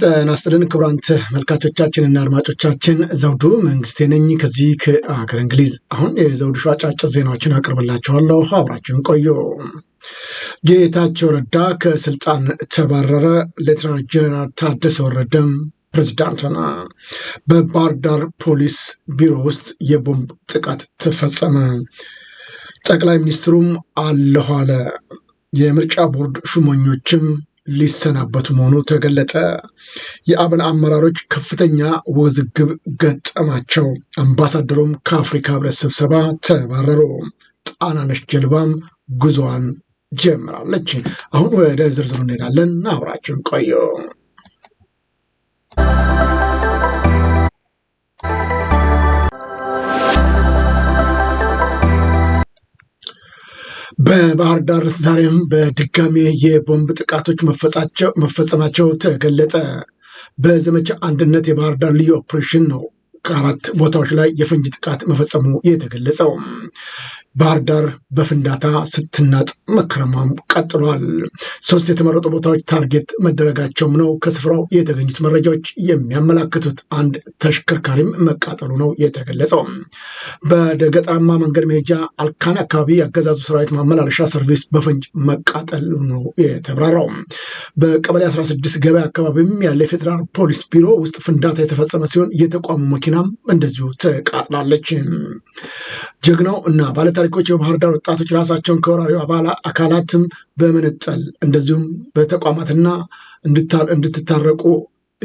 ጤና ይስጥልን ክቡራን ተመልካቾቻችንና አድማጮቻችን ዘውዱ መንግስቴ ነኝ ከዚህ ከሀገር እንግሊዝ። አሁን የዘውዱ ሾው አጫጭር ዜናዎችን አቀርብላችኋለሁ፣ አብራችሁን ቆዩ። ጌታቸው ረዳ ከስልጣን ተባረረ። ሌተናል ጀነራል ታደሰ ወረደም ፕሬዚዳንት ሆነ። በባህር ዳር ፖሊስ ቢሮ ውስጥ የቦምብ ጥቃት ተፈጸመ። ጠቅላይ ሚኒስትሩም አለኋለ። የምርጫ ቦርድ ሹመኞችም ሊሰናበቱ መሆኑ ተገለጠ። የአብን አመራሮች ከፍተኛ ውዝግብ ገጠማቸው። አምባሳደሩም ከአፍሪካ ህብረት ስብሰባ ተባረሩ። ጣናነሽ ጀልባም ጉዞዋን ጀምራለች። አሁን ወደ ዝርዝሩ እንሄዳለን። አብራችን ቆዩ። በባህር ዳር ዛሬም በድጋሜ የቦምብ ጥቃቶች መፈጸማቸው ተገለጠ። በዘመቻ አንድነት የባህር ዳር ልዩ ኦፕሬሽን ነው ከአራት ቦታዎች ላይ የፈንጂ ጥቃት መፈጸሙ የተገለጸው ባህር ዳር በፍንዳታ ስትናጥ መክረማም ቀጥሏል። ሶስት የተመረጡ ቦታዎች ታርጌት መደረጋቸውም ነው ከስፍራው የተገኙት መረጃዎች የሚያመላክቱት። አንድ ተሽከርካሪም መቃጠሉ ነው የተገለጸው። በገጠራማ መንገድ መሄጃ አልካን አካባቢ የአገዛዙ ሰራዊት ማመላለሻ ሰርቪስ በፈንጅ መቃጠሉ ነው የተብራራው። በቀበሌ 16 ገበያ አካባቢም ያለ የፌዴራል ፖሊስ ቢሮ ውስጥ ፍንዳታ የተፈጸመ ሲሆን የተቋሙ መኪናም እንደዚሁ ተቃጥላለች። ጀግናው እና ባለ ታሪኮች የባህር ዳር ወጣቶች ራሳቸውን ከወራሪ አካላትም በመነጠል እንደዚሁም በተቋማትና እንድትታረቁ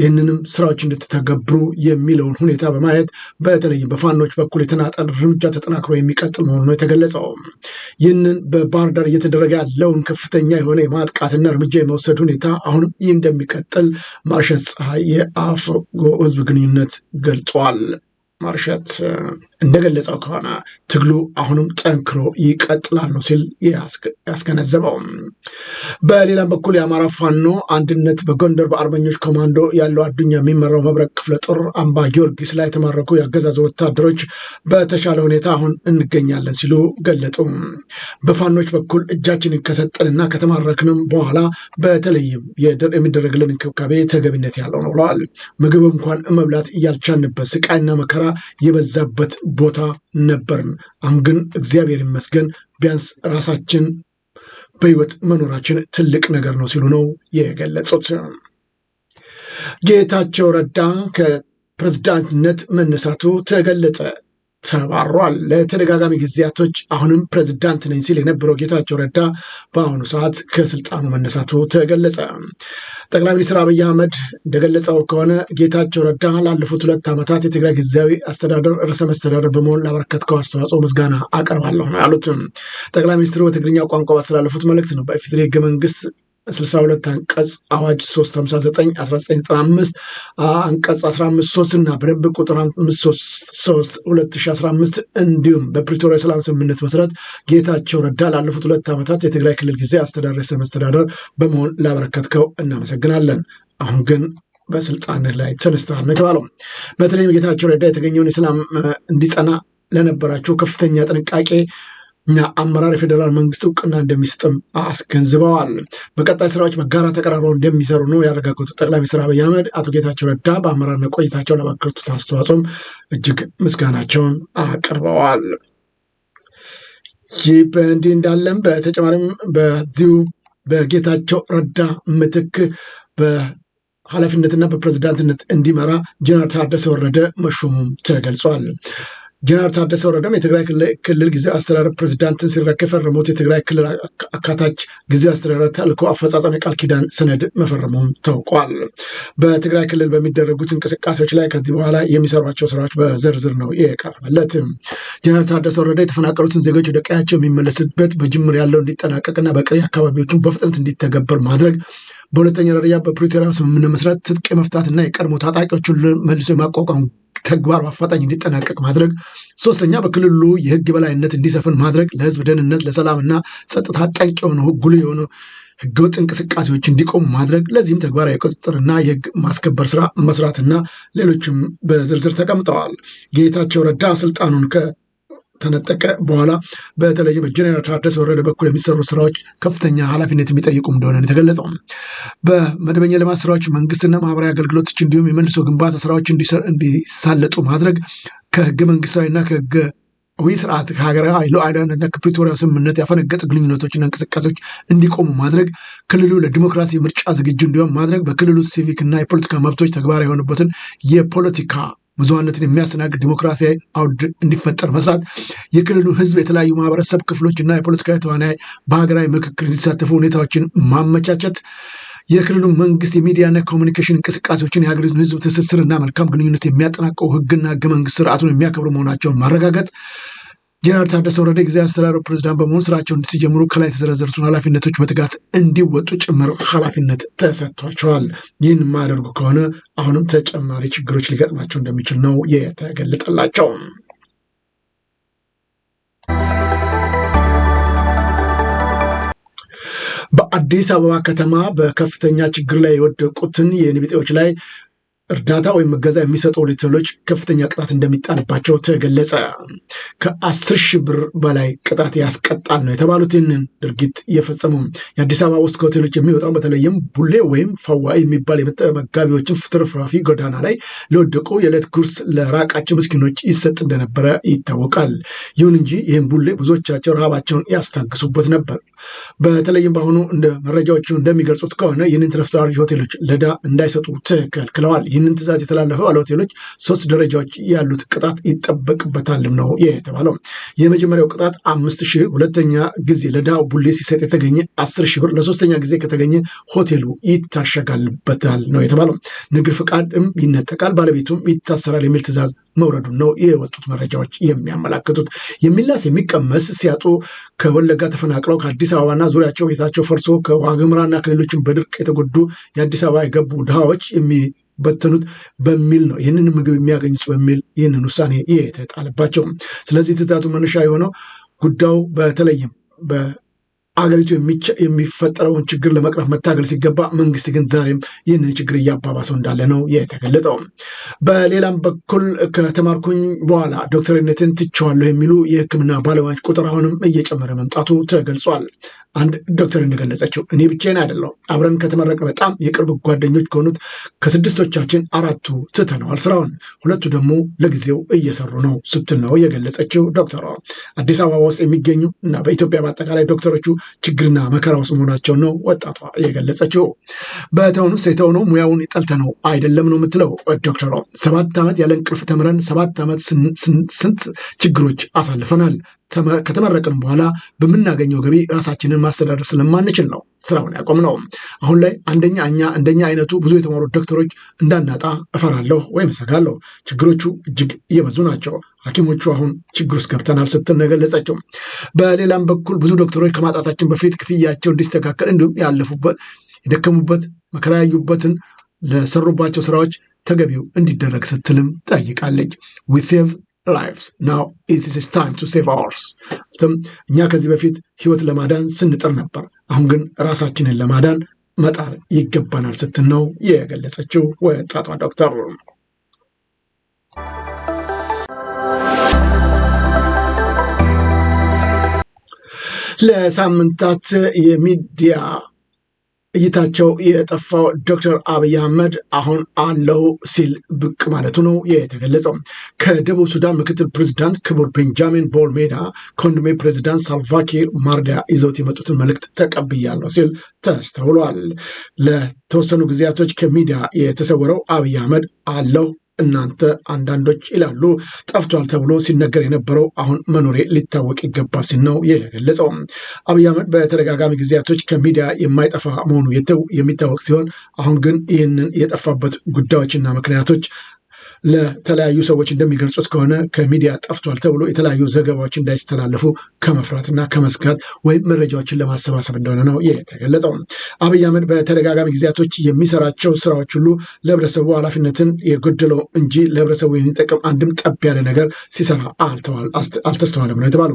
ይህንንም ስራዎች እንድትተገብሩ የሚለውን ሁኔታ በማየት በተለይም በፋኖች በኩል የተናጠል እርምጃ ተጠናክሮ የሚቀጥል መሆኑ ነው የተገለጸው። ይህንን በባህር ዳር እየተደረገ ያለውን ከፍተኛ የሆነ የማጥቃትና እርምጃ የመውሰድ ሁኔታ አሁንም ይህ እንደሚቀጥል ማርሸት ፀሐይ የአፍጎ ህዝብ ግንኙነት ገልጿል። ማርሸት እንደገለጸው ከሆነ ትግሉ አሁንም ጠንክሮ ይቀጥላል ነው ሲል ያስገነዘበው። በሌላም በኩል የአማራ ፋኖ አንድነት በጎንደር በአርበኞች ኮማንዶ ያለው አዱኛ የሚመራው መብረቅ ክፍለ ጦር አምባ ጊዮርጊስ ላይ የተማረኩ የአገዛዝ ወታደሮች በተሻለ ሁኔታ አሁን እንገኛለን ሲሉ ገለጡ። በፋኖች በኩል እጃችንን ከሰጠንና ከተማረክንም በኋላ በተለይም የሚደረግልን እንክብካቤ ተገቢነት ያለው ነው ብለዋል። ምግብ እንኳን መብላት እያልቻንበት ስቃይና መከራ የበዛበት ቦታ ነበርን። አሁን ግን እግዚአብሔር ይመስገን ቢያንስ ራሳችን በህይወት መኖራችን ትልቅ ነገር ነው ሲሉ ነው የገለጹት። ጌታቸው ረዳ ከፕሬዝዳንትነት መነሳቱ ተገለጸ። ተባሯል። ለተደጋጋሚ ጊዜያቶች አሁንም ፕሬዝዳንት ነኝ ሲል የነበረው ጌታቸው ረዳ በአሁኑ ሰዓት ከስልጣኑ መነሳቱ ተገለጸ። ጠቅላይ ሚኒስትር አብይ አህመድ እንደገለጸው ከሆነ ጌታቸው ረዳ ላለፉት ሁለት ዓመታት የትግራይ ጊዜያዊ አስተዳደር ርዕሰ መስተዳደር በመሆን ላበረከትከው አስተዋጽኦ ምስጋና አቀርባለሁ ነው ያሉት። ጠቅላይ ሚኒስትሩ በትግርኛ ቋንቋ ባስተላለፉት መልእክት ነው በኢፌዴሪ ህገ መንግስት ሁለት አንቀጽ አዋጅ 359 1995 አንቀጽ 153 እና በደንብ ቁጥር 53 2015 እንዲሁም በፕሪቶሪያ የሰላም ስምምነት መሰረት ጌታቸው ረዳ ላለፉት ሁለት ዓመታት የትግራይ ክልል ጊዜ አስተዳደር ርዕሰ መስተዳደር በመሆን ላበረከትከው እናመሰግናለን። አሁን ግን በስልጣን ላይ ተነስተሃል ነው የተባለው። በተለይም ጌታቸው ረዳ የተገኘውን የሰላም እንዲጸና ለነበራቸው ከፍተኛ ጥንቃቄ እኛ አመራር የፌዴራል መንግስት እውቅና እንደሚሰጥም አስገንዝበዋል። በቀጣይ ስራዎች በጋራ ተቀራርበው እንደሚሰሩ ነው ያረጋገጡት ጠቅላይ ሚኒስትር አብይ አህመድ አቶ ጌታቸው ረዳ በአመራርነት ቆይታቸው ላበረከቱት አስተዋጽኦም እጅግ ምስጋናቸውን አቅርበዋል። ይህ በእንዲህ እንዳለም በተጨማሪም በዚሁ በጌታቸው ረዳ ምትክ በኃላፊነትና በፕሬዝዳንትነት እንዲመራ ጀነራል ታደሰ ወረደ መሾሙም ተገልጿል። ጀነራል ታደሰ ወረደም የትግራይ ክልል ጊዜ አስተዳደር ፕሬዚዳንትን ሲረከብ የፈረሙት የትግራይ ክልል አካታች ጊዜ አስተዳደር ተልዕኮ አፈጻጸም የቃል ኪዳን ሰነድ መፈረሙም ታውቋል። በትግራይ ክልል በሚደረጉት እንቅስቃሴዎች ላይ ከዚህ በኋላ የሚሰሯቸው ስራዎች በዝርዝር ነው የቀረበለት። ጀነራል ታደሰ ወረደ የተፈናቀሉትን ዜጎች ወደ ቀያቸው የሚመለስበት በጅምር ያለው እንዲጠናቀቅና በቀሪ አካባቢዎችን በፍጥነት እንዲተገበር ማድረግ በሁለተኛ ደረጃ በፕሪቶሪያ ስምምነት መሰረት ትጥቅ የመፍታትና የቀድሞ ታጣቂዎቹን መልሶ የማቋቋም ተግባር በአፋጣኝ እንዲጠናቀቅ ማድረግ፣ ሶስተኛ በክልሉ የህግ የበላይነት እንዲሰፍን ማድረግ፣ ለህዝብ ደህንነት ለሰላምና ጸጥታ ጠንቅ የሆነ ጉልህ የሆነ ህገወጥ እንቅስቃሴዎች እንዲቆሙ ማድረግ፣ ለዚህም ተግባራዊ ቁጥጥርና የህግ ማስከበር ስራ መስራትና ሌሎችም በዝርዝር ተቀምጠዋል። ጌታቸው ረዳ ስልጣኑን ከተነጠቀ በኋላ በተለይ በጀኔራል ታደሰ ወረደ በኩል የሚሰሩ ስራዎች ከፍተኛ ኃላፊነት የሚጠይቁ እንደሆነ የተገለጠው በመደበኛ ልማት ስራዎች መንግስትና ማህበራዊ አገልግሎቶች እንዲሁም የመልሶ ግንባታ ስራዎች እንዲሳለጡ ማድረግ ከህገ መንግስታዊና ከህገ ዊ ስርዓት ከሀገራዊ ሉዓላዊነትና ከፕሪቶሪያ ስምምነት ያፈነገጡ ግንኙነቶችና እንቅስቃሴዎች እንዲቆሙ ማድረግ፣ ክልሉ ለዲሞክራሲ ምርጫ ዝግጁ እንዲሆን ማድረግ፣ በክልሉ እና የፖለቲካ መብቶች ተግባራዊ የሆኑበትን የፖለቲካ ብዙሀነትን የሚያስተናግድ ዲሞክራሲያዊ አውድ እንዲፈጠር መስራት፣ የክልሉ ህዝብ የተለያዩ ማህበረሰብ ክፍሎች እና የፖለቲካዊ ተዋናይ በሀገራዊ ምክክር እንዲሳተፉ ሁኔታዎችን ማመቻቸት፣ የክልሉ መንግስት የሚዲያና ኮሚኒኬሽን እንቅስቃሴዎችን የሀገሪቱን ህዝብ ትስስርና መልካም ግንኙነት የሚያጠናቀው ህግና ህገ መንግስት ስርዓቱን የሚያከብሩ መሆናቸውን ማረጋገጥ ጀነራል ታደሰ ወረደ ጊዜ አስተዳደሩ ፕሬዚዳንት በመሆን ስራቸው ሲጀምሩ ከላይ የተዘረዘሩትን ኃላፊነቶች በትጋት እንዲወጡ ጭምር ኃላፊነት ተሰጥቷቸዋል። ይህን የማያደርጉ ከሆነ አሁንም ተጨማሪ ችግሮች ሊገጥማቸው እንደሚችል ነው የተገለጠላቸው። በአዲስ አበባ ከተማ በከፍተኛ ችግር ላይ የወደቁትን የንብጤዎች ላይ እርዳታ ወይም እገዛ የሚሰጡ ሆቴሎች ከፍተኛ ቅጣት እንደሚጣልባቸው ተገለጸ። ከአስር ሺህ ብር በላይ ቅጣት ያስቀጣል ነው የተባሉት ይህንን ድርጊት የፈጸሙ የአዲስ አበባ ውስጥ ከሆቴሎች የሚወጣው በተለይም ቡሌ ወይም ፈዋ የሚባል የመጋቢዎችን ፍትርፍራፊ ጎዳና ላይ ለወደቁ የዕለት ጉርስ ለራቃቸው ምስኪኖች ይሰጥ እንደነበረ ይታወቃል። ይሁን እንጂ ይህም ቡሌ ብዙዎቻቸው ረሃባቸውን ያስታግሱበት ነበር። በተለይም በአሁኑ መረጃዎቹ እንደሚገልጹት ከሆነ ይህንን ተረፍታሪ ሆቴሎች ለዳ እንዳይሰጡ ተከልክለዋል። ይህንን ትእዛዝ የተላለፈው ባለሆቴሎች ሶስት ደረጃዎች ያሉት ቅጣት ይጠበቅበታልም ነው የተባለው። የመጀመሪያው ቅጣት አምስት ሺህ ሁለተኛ ጊዜ ለድሃ ቡሌ ሲሰጥ የተገኘ አስር ሺህ ብር፣ ለሶስተኛ ጊዜ ከተገኘ ሆቴሉ ይታሸጋልበታል ነው የተባለው። ንግድ ፍቃድም ይነጠቃል፣ ባለቤቱም ይታሰራል የሚል ትእዛዝ መውረዱን ነው የወጡት መረጃዎች የሚያመላክቱት። የሚላስ የሚቀመስ ሲያጡ ከወለጋ ተፈናቅለው ከአዲስ አበባና ዙሪያቸው ቤታቸው ፈርሶ ከዋግምራና ከሌሎችም በድርቅ የተጎዱ የአዲስ አበባ የገቡ ድሃዎች የሚ በትኑት በሚል ነው ይህንን ምግብ የሚያገኙት በሚል ይህንን ውሳኔ የተጣለባቸው። ስለዚህ ትዕዛዙ መነሻ የሆነው ጉዳዩ በተለይም አገሪቱ የሚፈጠረውን ችግር ለመቅረፍ መታገል ሲገባ መንግስት ግን ዛሬም ይህንን ችግር እያባባሰው እንዳለ ነው የተገለጠው። በሌላም በኩል ከተማርኩኝ በኋላ ዶክተርነትን ትቸዋለሁ የሚሉ የሕክምና ባለሙያዎች ቁጥር አሁንም እየጨመረ መምጣቱ ተገልጿል። አንድ ዶክተር እንደገለጸችው እኔ ብቻዬን አይደለሁም። አብረን ከተመረቅን በጣም የቅርብ ጓደኞች ከሆኑት ከስድስቶቻችን አራቱ ትተነዋል ስራውን፣ ሁለቱ ደግሞ ለጊዜው እየሰሩ ነው ስትል ነው የገለጸችው ዶክተሯ። አዲስ አበባ ውስጥ የሚገኙ እና በኢትዮጵያ በአጠቃላይ ዶክተሮቹ ችግርና መከራ ውስጥ መሆናቸውን ነው ወጣቷ የገለጸችው። በተውኑ ሴተው ነው ሙያውን ጠልተ ነው አይደለም ነው የምትለው ዶክተሯ። ሰባት ዓመት ያለ እንቅልፍ ተምረን ሰባት ዓመት ስንት ችግሮች አሳልፈናል። ከተመረቅን በኋላ በምናገኘው ገቢ ራሳችንን ማስተዳደር ስለማንችል ነው ስራውን ያቆም ነው። አሁን ላይ አንደኛ እኛ እንደኛ አይነቱ ብዙ የተማሩ ዶክተሮች እንዳናጣ እፈራለሁ ወይም እሰጋለሁ። ችግሮቹ እጅግ እየበዙ ናቸው። ሐኪሞቹ አሁን ችግር ውስጥ ገብተናል ስትል ነው የገለጸችው። በሌላም በኩል ብዙ ዶክተሮች ከማጣታችን በፊት ክፍያቸው እንዲስተካከል እንዲሁም ያለፉበት የደከሙበት መከራ ያዩበትን ለሰሩባቸው ስራዎች ተገቢው እንዲደረግ ስትልም ጠይቃለች። ዊ ሴቭ ላይቭስ ናው ኢት ታይም ቱ ሴቭ አወርስ። እኛ ከዚህ በፊት ህይወት ለማዳን ስንጥር ነበር፣ አሁን ግን ራሳችንን ለማዳን መጣር ይገባናል ስትል ነው የገለጸችው ወጣቷ ዶክተር። ለሳምንታት የሚዲያ እይታቸው የጠፋው ዶክተር አብይ አህመድ አሁን አለው ሲል ብቅ ማለቱ ነው የተገለጸው። ከደቡብ ሱዳን ምክትል ፕሬዚዳንት ክቡር ቤንጃሚን ቦል ሜዳ ከወንድሜ ፕሬዚዳንት ሳልቫኪር ማርዳ ይዘውት የመጡትን መልእክት ተቀብያለሁ ሲል ተስተውሏል። ለተወሰኑ ጊዜያቶች ከሚዲያ የተሰወረው አብይ አህመድ አለው እናንተ አንዳንዶች ይላሉ ጠፍቷል ተብሎ ሲነገር የነበረው አሁን መኖሬ ሊታወቅ ይገባል ሲል ነው የገለጸው። አብይ አህመድ በተደጋጋሚ ጊዜያቶች ከሚዲያ የማይጠፋ መሆኑ የሚታወቅ ሲሆን አሁን ግን ይህንን የጠፋበት ጉዳዮችና ምክንያቶች ለተለያዩ ሰዎች እንደሚገልጹት ከሆነ ከሚዲያ ጠፍቷል ተብሎ የተለያዩ ዘገባዎች እንዳይተላለፉ ከመፍራትና ከመስጋት ወይም መረጃዎችን ለማሰባሰብ እንደሆነ ነው የተገለጠው። አብይ አህመድ በተደጋጋሚ ጊዜያቶች የሚሰራቸው ስራዎች ሁሉ ለህብረተሰቡ ኃላፊነትን የጎደለው እንጂ ለህብረተሰቡ የሚጠቅም አንድም ጠብ ያለ ነገር ሲሰራ አልተስተዋለም ነው የተባሉ።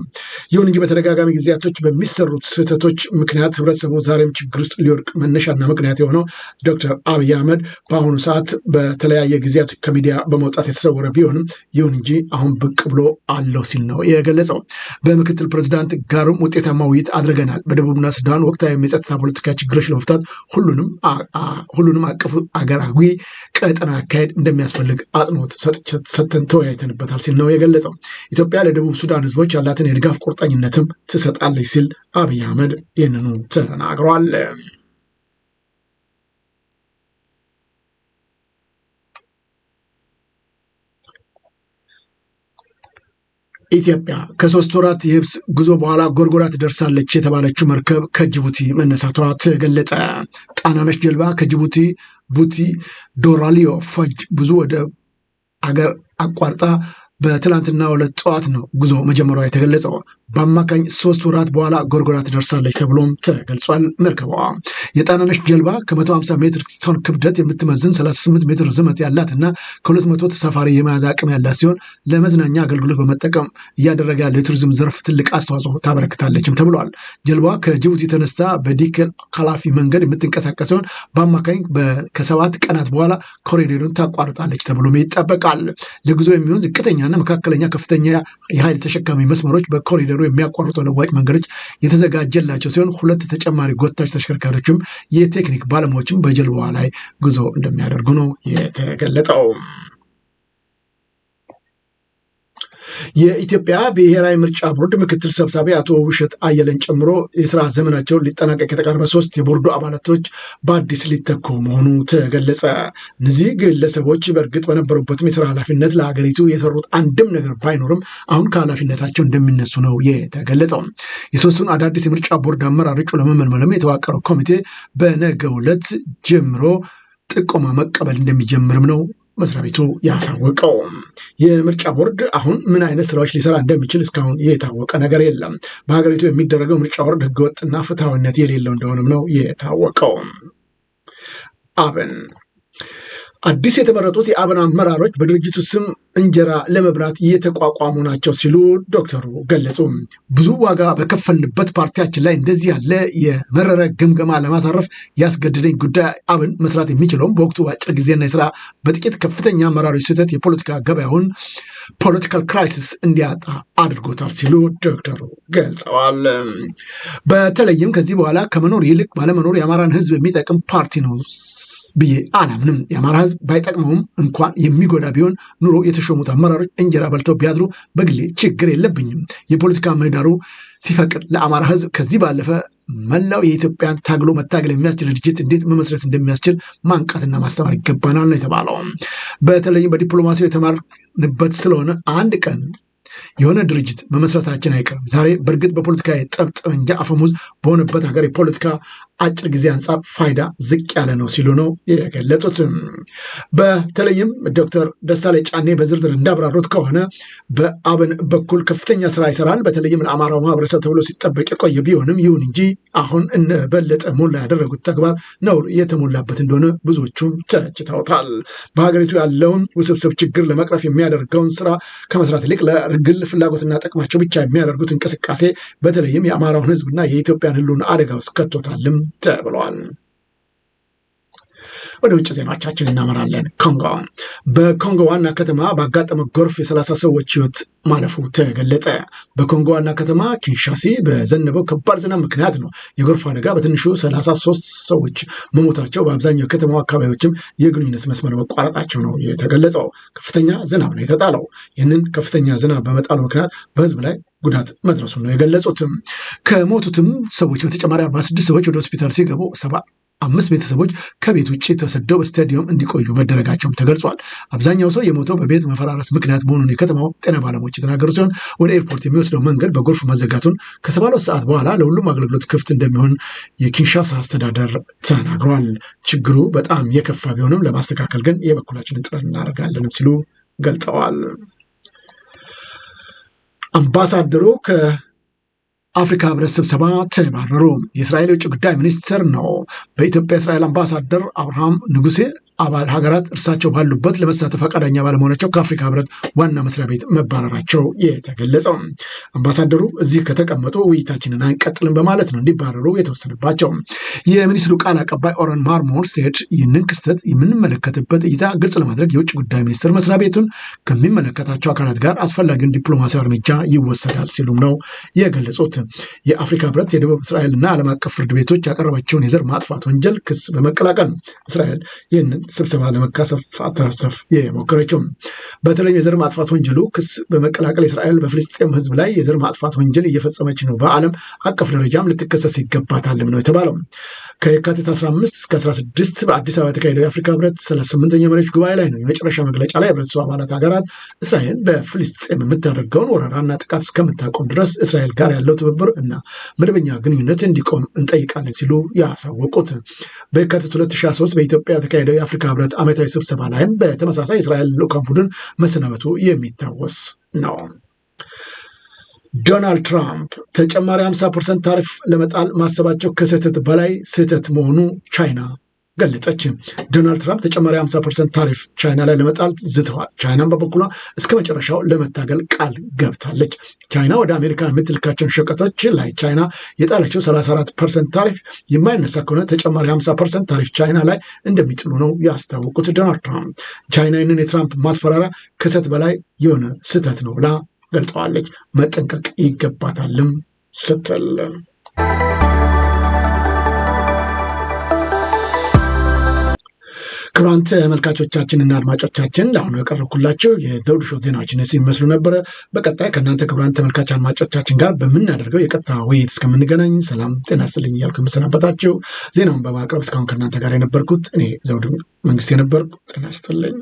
ይሁን እንጂ በተደጋጋሚ ጊዜያቶች በሚሰሩት ስህተቶች ምክንያት ህብረተሰቡ ዛሬም ችግር ውስጥ ሊወድቅ መነሻና ምክንያት የሆነው ዶክተር አብይ አህመድ በአሁኑ ሰዓት በተለያየ ጊዜያቶች ከሚዲያ በመውጣት የተሰወረ ቢሆንም ይሁን እንጂ አሁን ብቅ ብሎ አለው ሲል ነው የገለጸው። በምክትል ፕሬዚዳንት ጋርም ውጤታማ ውይይት አድርገናል። በደቡብና ሱዳን ወቅታዊ የጸጥታ ፖለቲካ ችግሮች ለመፍታት ሁሉንም አቀፉ አገራዊ ቀጠና አካሄድ እንደሚያስፈልግ አጥኖት ሰጥተን ተወያይተንበታል ሲል ነው የገለጸው። ኢትዮጵያ ለደቡብ ሱዳን ህዝቦች ያላትን የድጋፍ ቁርጠኝነትም ትሰጣለች ሲል አብይ አህመድ ይህንኑ ተናግሯል። ኢትዮጵያ ከሶስት ወራት የህብስ ጉዞ በኋላ ጎርጎራ ትደርሳለች የተባለችው መርከብ ከጅቡቲ መነሳቷ ተገለጸ። ጣናነሽ ጀልባ ከጅቡቲ ቡቲ ዶራሊዮ ፈጅ ብዙ ወደ አገር አቋርጣ በትላንትና ሁለት ጠዋት ነው ጉዞ መጀመሯ የተገለጸው። በአማካኝ ሶስት ወራት በኋላ ጎርጎራ ትደርሳለች ተብሎም ተገልጿል። መርከቧ የጣናነሽ ጀልባ ከ150 ሜትር ቶን ክብደት የምትመዝን 38 ሜትር ዝመት ያላት እና ከ200 ተሳፋሪ የመያዝ አቅም ያላት ሲሆን ለመዝናኛ አገልግሎት በመጠቀም እያደረገ ያለው የቱሪዝም ዘርፍ ትልቅ አስተዋጽኦ ታበረክታለችም ተብሏል። ጀልባ ከጅቡቲ ተነስታ በዲክል ካላፊ መንገድ የምትንቀሳቀስ ሲሆን በአማካኝ ከሰባት ቀናት በኋላ ኮሪዶሩን ታቋርጣለች ተብሎም ይጠበቃል። ለጉዞ የሚሆን ዝቅተኛና መካከለኛ ከፍተኛ የኃይል ተሸካሚ መስመሮች በኮሪደሩ እንዳይበሩ የሚያቋርጡ ለዋጭ መንገዶች የተዘጋጀላቸው ሲሆን ሁለት ተጨማሪ ጎታች ተሽከርካሪዎችም የቴክኒክ ባለሙያዎችም በጀልባዋ ላይ ጉዞ እንደሚያደርጉ ነው የተገለጠው። የኢትዮጵያ ብሔራዊ ምርጫ ቦርድ ምክትል ሰብሳቢ አቶ ውብሸት አየለን ጨምሮ የስራ ዘመናቸውን ሊጠናቀቅ የተቃረበ ሶስት የቦርዱ አባላቶች በአዲስ ሊተኩ መሆኑ ተገለጸ። እነዚህ ግለሰቦች በእርግጥ በነበሩበትም የስራ ኃላፊነት ለሀገሪቱ የሰሩት አንድም ነገር ባይኖርም አሁን ከኃላፊነታቸው እንደሚነሱ ነው የተገለጸው። የሶስቱን አዳዲስ የምርጫ ቦርድ አመራር እጩ ለመመልመልም የተዋቀረው ኮሚቴ በነገ ዕለት ጀምሮ ጥቆማ መቀበል እንደሚጀምርም ነው መስሪያ ቤቱ ያሳወቀው። የምርጫ ቦርድ አሁን ምን አይነት ስራዎች ሊሰራ እንደሚችል እስካሁን የታወቀ ነገር የለም። በሀገሪቱ የሚደረገው ምርጫ ቦርድ ህገወጥና ፍትሐዊነት የሌለው እንደሆነም ነው የታወቀው። አብን አዲስ የተመረጡት የአብን አመራሮች በድርጅቱ ስም እንጀራ ለመብላት እየተቋቋሙ ናቸው ሲሉ ዶክተሩ ገለጹ። ብዙ ዋጋ በከፈልንበት ፓርቲያችን ላይ እንደዚህ ያለ የመረረ ግምገማ ለማሳረፍ ያስገደደኝ ጉዳይ አብን መስራት የሚችለውም በወቅቱ በአጭር ጊዜና የስራ በጥቂት ከፍተኛ አመራሮች ስህተት የፖለቲካ ገበያውን ፖለቲካል ክራይሲስ እንዲያጣ አድርጎታል ሲሉ ዶክተሩ ገልጸዋል። በተለይም ከዚህ በኋላ ከመኖር ይልቅ ባለመኖር የአማራን ህዝብ የሚጠቅም ፓርቲ ነው ብዬ አላምንም። የአማራ ህዝብ ባይጠቅመውም እንኳን የሚጎዳ ቢሆን ኑሮ የተሾሙት አመራሮች እንጀራ በልተው ቢያድሩ በግሌ ችግር የለብኝም። የፖለቲካ ምህዳሩ ሲፈቅድ ለአማራ ህዝብ ከዚህ ባለፈ መላው የኢትዮጵያን ታግሎ መታገል የሚያስችል ድርጅት እንዴት መመስረት እንደሚያስችል ማንቃትና ማስተማር ይገባናል ነው የተባለው። በተለይም በዲፕሎማሲ የተማርንበት ስለሆነ አንድ ቀን የሆነ ድርጅት መመስረታችን አይቀርም። ዛሬ በእርግጥ በፖለቲካ የጠብ ጠመንጃ አፈሙዝ በሆነበት ሀገር የፖለቲካ አጭር ጊዜ አንጻር ፋይዳ ዝቅ ያለ ነው ሲሉ ነው የገለጹት። በተለይም ዶክተር ደሳለኝ ጫኔ በዝርዝር እንዳብራሩት ከሆነ በአብን በኩል ከፍተኛ ስራ ይሰራል። በተለይም ለአማራው ማህበረሰብ ተብሎ ሲጠበቅ የቆየ ቢሆንም ይሁን እንጂ አሁን እነበለጠ ሞላ ያደረጉት ተግባር ነውር የተሞላበት እንደሆነ ብዙዎቹም ተችተውታል። በሀገሪቱ ያለውን ውስብስብ ችግር ለመቅረፍ የሚያደርገውን ስራ ከመስራት ይልቅ ለግል ፍላጎትና ጥቅማቸው ብቻ የሚያደርጉት እንቅስቃሴ በተለይም የአማራውን ህዝብና የኢትዮጵያን ህልውና አደጋ ውስጥ ከቶታልም ተብሏል። ወደ ውጭ ዜናዎቻችን እናመራለን። ኮንጎ በኮንጎ ዋና ከተማ ባጋጠመው ጎርፍ የሰላሳ ሰዎች ህይወት ማለፉ ተገለጸ። በኮንጎ ዋና ከተማ ኪንሻሲ በዘነበው ከባድ ዝናብ ምክንያት ነው የጎርፍ አደጋ በትንሹ ሰላሳ ሶስት ሰዎች መሞታቸው፣ በአብዛኛው የከተማው አካባቢዎችም የግንኙነት መስመር መቋረጣቸው ነው የተገለጸው። ከፍተኛ ዝናብ ነው የተጣለው። ይህንን ከፍተኛ ዝናብ በመጣሉ ምክንያት በህዝብ ላይ ጉዳት መድረሱን ነው የገለጹትም። ከሞቱትም ሰዎች በተጨማሪ 46 ስድስት ሰዎች ወደ ሆስፒታል ሲገቡ ሰባ አምስት ቤተሰቦች ከቤት ውጭ ተሰደው በስታዲየም እንዲቆዩ መደረጋቸውም ተገልጿል። አብዛኛው ሰው የሞተው በቤት መፈራረስ ምክንያት መሆኑን የከተማው ጤና ባለሙያዎች የተናገሩ ሲሆን ወደ ኤርፖርት የሚወስደው መንገድ በጎርፍ መዘጋቱን ከሰባ ሁለት ሰዓት በኋላ ለሁሉም አገልግሎት ክፍት እንደሚሆን የኪንሻሳ አስተዳደር ተናግሯል። ችግሩ በጣም የከፋ ቢሆንም ለማስተካከል ግን የበኩላችንን ጥረት እናደርጋለንም ሲሉ ገልጠዋል። አምባሳደሩ ከአፍሪካ ህብረት ስብሰባ ተባረሩ። የእስራኤል የውጭ ጉዳይ ሚኒስትር ነው በኢትዮጵያ እስራኤል አምባሳደር አብርሃም ንጉሴ አባል ሀገራት እርሳቸው ባሉበት ለመሳተፍ ፈቃደኛ ባለመሆናቸው ከአፍሪካ ህብረት ዋና መስሪያ ቤት መባረራቸው የተገለጸው አምባሳደሩ እዚህ ከተቀመጡ ውይይታችንን አንቀጥልም በማለት ነው እንዲባረሩ የተወሰነባቸው። የሚኒስትሩ ቃል አቀባይ ኦረን ማርሞር ስቴድ ይህንን ክስተት የምንመለከትበት እይታ ግልጽ ለማድረግ የውጭ ጉዳይ ሚኒስትር መስሪያ ቤቱን ከሚመለከታቸው አካላት ጋር አስፈላጊውን ዲፕሎማሲያዊ እርምጃ ይወሰዳል ሲሉም ነው የገለጹት። የአፍሪካ ህብረት የደቡብ እስራኤልና ዓለም አቀፍ ፍርድ ቤቶች ያቀረባቸውን የዘር ማጥፋት ወንጀል ክስ በመቀላቀል እስራኤል ይህንን ስብሰባ ለመካሰፍ አተሳሰፍ የሞከረችው በተለይ የዘር ማጥፋት ወንጀሉ ክስ በመቀላቀል እስራኤል በፍልስጤም ህዝብ ላይ የዘር ማጥፋት ወንጀል እየፈጸመች ነው፣ በዓለም አቀፍ ደረጃም ልትከሰስ ይገባታልም ነው የተባለው። ከየካቲት 15 እስከ 16 በአዲስ አበባ የተካሄደው የአፍሪካ ህብረት 38ኛ መሪዎች ጉባኤ ላይ ነው የመጨረሻ መግለጫ ላይ ህብረተሰብ አባላት ሀገራት እስራኤል በፍልስጤም የምታደርገውን ወረራና ጥቃት እስከምታቆም ድረስ እስራኤል ጋር ያለው ትብብር እና መደበኛ ግንኙነት እንዲቆም እንጠይቃለን ሲሉ ያሳወቁት በየካቲት 2023 በኢትዮጵያ የተካሄደው የአፍሪካ ህብረት ዓመታዊ ስብሰባ ላይም በተመሳሳይ የእስራኤል ልዑካን ቡድን መሰናበቱ የሚታወስ ነው። ዶናልድ ትራምፕ ተጨማሪ 50 ፐርሰንት ታሪፍ ለመጣል ማሰባቸው ከስህተት በላይ ስህተት መሆኑ ቻይና ገለጸች። ዶናልድ ትራምፕ ተጨማሪ 50 ፐርሰንት ታሪፍ ቻይና ላይ ለመጣል ዝተዋል። ቻይናን በበኩሏ እስከ መጨረሻው ለመታገል ቃል ገብታለች። ቻይና ወደ አሜሪካ የምትልካቸውን ሸቀጦች ላይ ቻይና የጣለችው 34 ፐርሰንት ታሪፍ የማይነሳ ከሆነ ተጨማሪ 50 ፐርሰንት ታሪፍ ቻይና ላይ እንደሚጥሉ ነው ያስታወቁት ዶናልድ ትራምፕ። ቻይና ይህንን የትራምፕ ማስፈራሪያ ከሰት በላይ የሆነ ስህተት ነው ብላ ገልጠዋለች። መጠንቀቅ ይገባታልም ስትል ክቡራን ተመልካቾቻችንና አድማጮቻችን ለአሁኑ የቀረብኩላቸው የዘውዱ ሾው ዜናዎች ይመስሉ ነበረ። በቀጣይ ከእናንተ ክቡራን ተመልካች አድማጮቻችን ጋር በምናደርገው የቀጥታ ውይይት እስከምንገናኝ ሰላም ጤና ስልኝ እያልኩ የምሰናበታችሁ ዜናውን በማቅረብ እስካሁን ከእናንተ ጋር የነበርኩት እኔ ዘውድ መንግስት የነበርኩ ጤና ይስጥልኝ።